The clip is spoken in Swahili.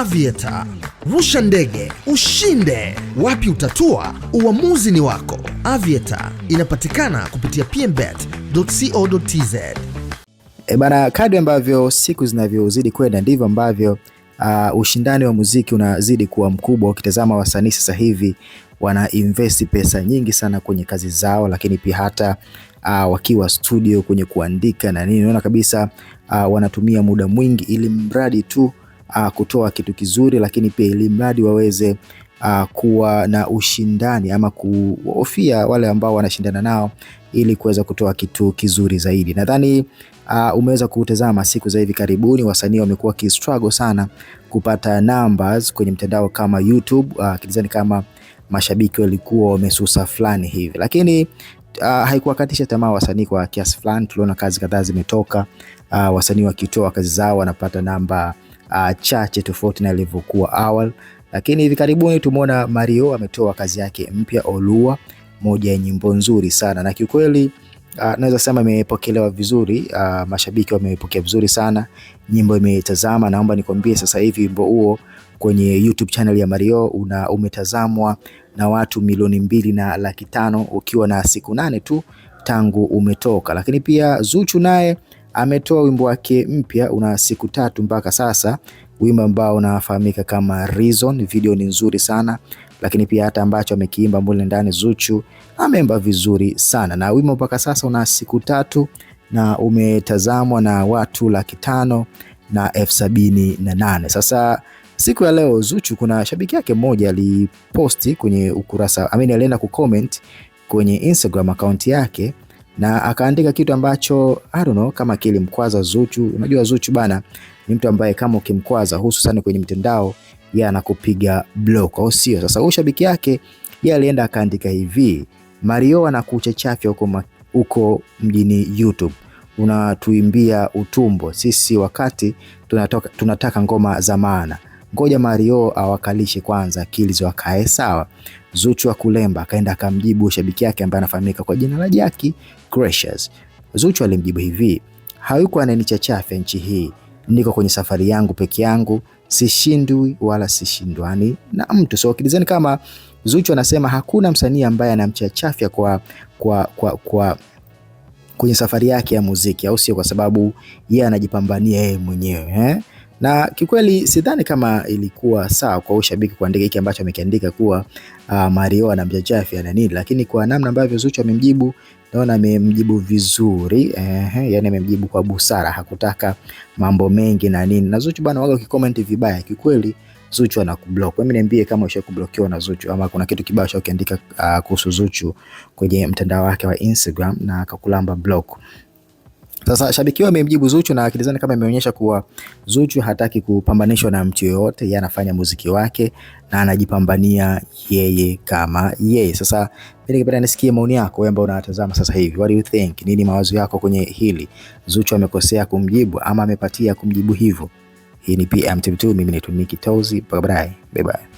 Aviator. Rusha ndege ushinde. Wapi utatua? Uamuzi ni wako. Aviator inapatikana kupitia pmbet.co.tz. E eh, bana, kadri ambavyo siku zinavyozidi kwenda ndivyo ambavyo uh, ushindani wa muziki unazidi kuwa mkubwa. Ukitazama wasanii sasa hivi wana invest pesa nyingi sana kwenye kazi zao, lakini pia hata uh, wakiwa studio kwenye kuandika na nini, unaona kabisa uh, wanatumia muda mwingi ili mradi tu uh, kutoa kitu kizuri, lakini pia ili mradi waweze uh, kuwa na ushindani ama kuhofia wale ambao wanashindana nao ili kuweza kutoa kitu kizuri zaidi. Nadhani uh, umeweza kutazama siku za hivi karibuni wasanii wamekuwa kistruggle sana kupata numbers kwenye mtandao kama YouTube uh, kidizani kama mashabiki walikuwa wamesusa fulani hivi, lakini uh, haikuwakatisha tamaa wasanii kwa kiasi fulani. Tuliona kazi kadhaa zimetoka, uh, wasanii wakitoa kazi zao wanapata namba uh, chache tofauti na ilivyokuwa awali, lakini hivi karibuni tumeona Mario ametoa kazi yake mpya Olua, moja ya nyimbo nzuri sana na kiukweli Uh, naweza sema imepokelewa vizuri uh, mashabiki wamepokea vizuri sana nyimbo, imetazama. Naomba nikwambie sasa hivi wimbo huo kwenye YouTube channel ya Mario una umetazamwa na watu milioni mbili na laki tano ukiwa na siku nane tu tangu umetoka, lakini pia Zuchu naye ametoa wimbo wake mpya una siku tatu mpaka sasa, wimbo ambao unafahamika kama Reason. Video ni nzuri sana lakini pia hata ambacho amekiimba mule ndani Zuchu ameimba vizuri sana, na wimbo mpaka sasa una siku tatu na umetazamwa na watu laki tano na elfu sabini na nane. Sasa siku ya leo Zuchu, kuna shabiki yake mmoja aliposti kwenye ukurasa, I mean alienda kucomment kwenye Instagram account yake na akaandika kitu ambacho I don't know kama kilimkwaza Zuchu. Unajua Zuchu bana ni mtu ambaye kama ukimkwaza hususan kwenye mitandao yeye anakupiga block, au sio? Sasa huyu shabiki yake yeye alienda akaandika hivi, Mario chafya huko huko mjini YouTube, unatuimbia utumbo sisi wakati tunatoka, tunataka ngoma za maana. Ngoja Mario awakalishe kwanza akili zao sawa. Zuchu wa kulemba akaenda akamjibu shabiki yake ambaye anafahamika kwa jina la Jaki Crashers. Zuchu alimjibu hivi, hayuko ananichachafya nchi hii, niko kwenye safari yangu peke yangu, sishindwi wala sishindwani na mtu. So kilizeni kama Zuchu anasema hakuna msanii ambaye anamchachafya kwa, kwa, kwa, kwa kwenye safari yake ya muziki, au sio? Kwa sababu yeye anajipambania yeye mwenyewe eh? na kikweli sidhani kama ilikuwa sawa kwa ushabiki kuandika hiki ambacho amekiandika kuwa uh, ah, Mario na Jafi ana nini, lakini kwa namna ambavyo Zuchu amemjibu naona amemjibu vizuri eh, yani amemjibu kwa busara, hakutaka mambo mengi na nini. Na Zuchu bana, waga ukicomment vibaya kikweli Zuchu ana kublock. Mimi niambie kama usha kublokiwa na Zuchu ama kuna kitu kibaya ushakiandika uh, ah, kuhusu Zuchu kwenye mtandao wake wa Instagram na akakulamba block. Sasa shabiki wao amemjibu Zuchu na akilizana kama imeonyesha kuwa Zuchu hataki kupambanishwa na mtu yoyote, yeye anafanya muziki wake na anajipambania yeye kama yeye. Sasa mimi ningependa nisikie maoni yako wewe ambao unatazama sasa hivi. What do you think? Nini mawazo yako kwenye hili? Zuchu amekosea kumjibu ama amepatia kumjibu hivyo? Hii ni PM Two, mimi ni Tuniki Tozi, bye bye.